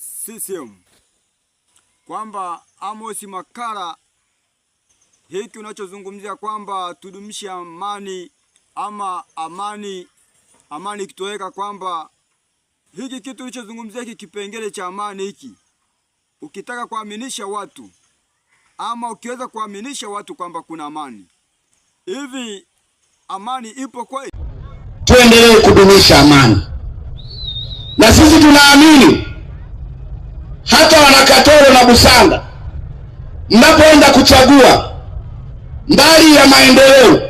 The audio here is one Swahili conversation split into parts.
CCM kwamba Amos Makalla, hiki unachozungumzia kwamba tudumishe amani ama amani amani ikitoweka, kwamba hiki kitu ulichozungumzia hiki kipengele cha amani hiki, ukitaka kuaminisha watu ama ukiweza kuaminisha watu kwamba kuna amani, hivi amani ipo kweli? Tuendelee kudumisha amani, na sisi tunaamini hata wanakatoro na Busanda, mnapoenda kuchagua, mbali ya maendeleo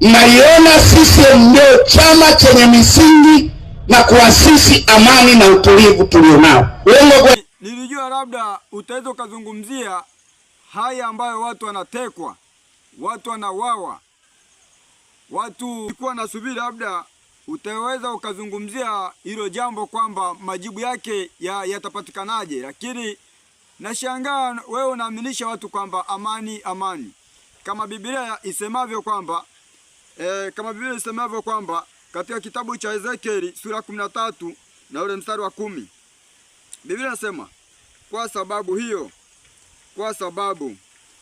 mnaiona sisiem ndio chama chenye misingi na kuasisi amani na utulivu tulionao. kwa... nilijua labda utaweza ukazungumzia haya ambayo watu wanatekwa, watu wanawawa, watu ilikuwa nasubiri labda utaweza ukazungumzia hilo jambo kwamba majibu yake yatapatikanaje ya, lakini nashangaa wewe unaaminisha watu kwamba amani amani, kama Biblia isemavyo kwamba e, kama Biblia isemavyo kwamba katika kitabu cha Ezekieli sura kumi na tatu na ule mstari wa kumi Biblia inasema kwa sababu hiyo, kwa sababu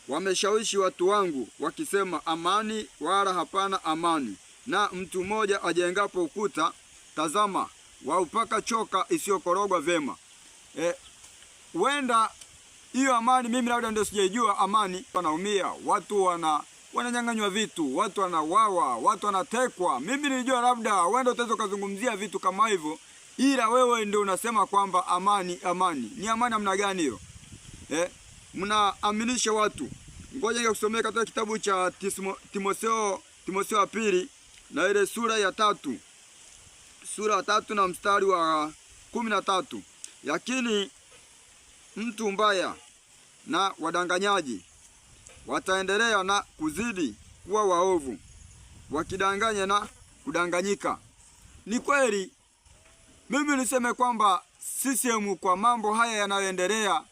wameshawishi watu wangu wakisema amani, wala hapana amani na mtu mmoja ajengapo ukuta, tazama waupaka choka isiyokorogwa vema e, Huenda e, hiyo amani mimi labda ndio sijaijua amani. Wanaumia watu, wana wananyang'anywa vitu, watu wanawawa, watu wanatekwa. Mimi nilijua labda wenda utaweza ukazungumzia vitu kama hivyo, ila wewe ndio unasema kwamba amani. Amani ni amani namna gani hiyo eh? Mnaaminisha watu. Ngoja nikusomee katika kitabu cha Timotheo Timotheo wa pili na ile sura ya tatu sura ya tatu na mstari wa kumi na tatu lakini mtu mbaya na wadanganyaji wataendelea na kuzidi kuwa waovu wakidanganya na kudanganyika. Ni kweli, mimi niseme kwamba sisihemu kwa mambo haya yanayoendelea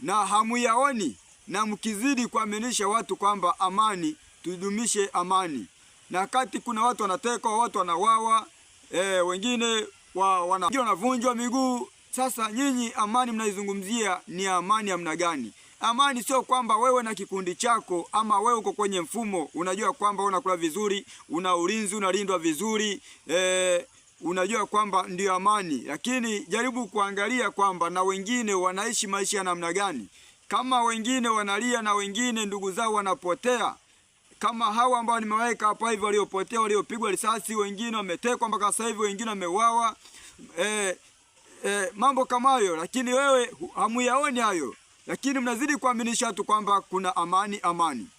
na hamuyaoni, na mkizidi kuaminisha watu kwamba amani, tudumishe amani na kati kuna watu wanatekwa, watu wanawawa, e, eh, wengine wa, wanavunjwa miguu. Sasa nyinyi amani mnaizungumzia ni amani amna gani? Amani sio kwamba wewe na kikundi chako ama wewe uko kwenye mfumo, unajua kwamba unakula vizuri, una ulinzi, unalindwa vizuri e, unajua kwamba ndio amani, lakini jaribu kuangalia kwamba na wengine wanaishi maisha ya namna gani. Kama wengine wanalia na wengine ndugu zao wanapotea, kama hawa ambao nimeweka hapa hivi, waliopotea, waliopigwa risasi, wengine wametekwa mpaka sasa hivi, wengine wameuawa, e, e, mambo kama hayo, lakini wewe hamuyaoni hayo, lakini mnazidi kuaminisha tu kwamba kuna amani, amani.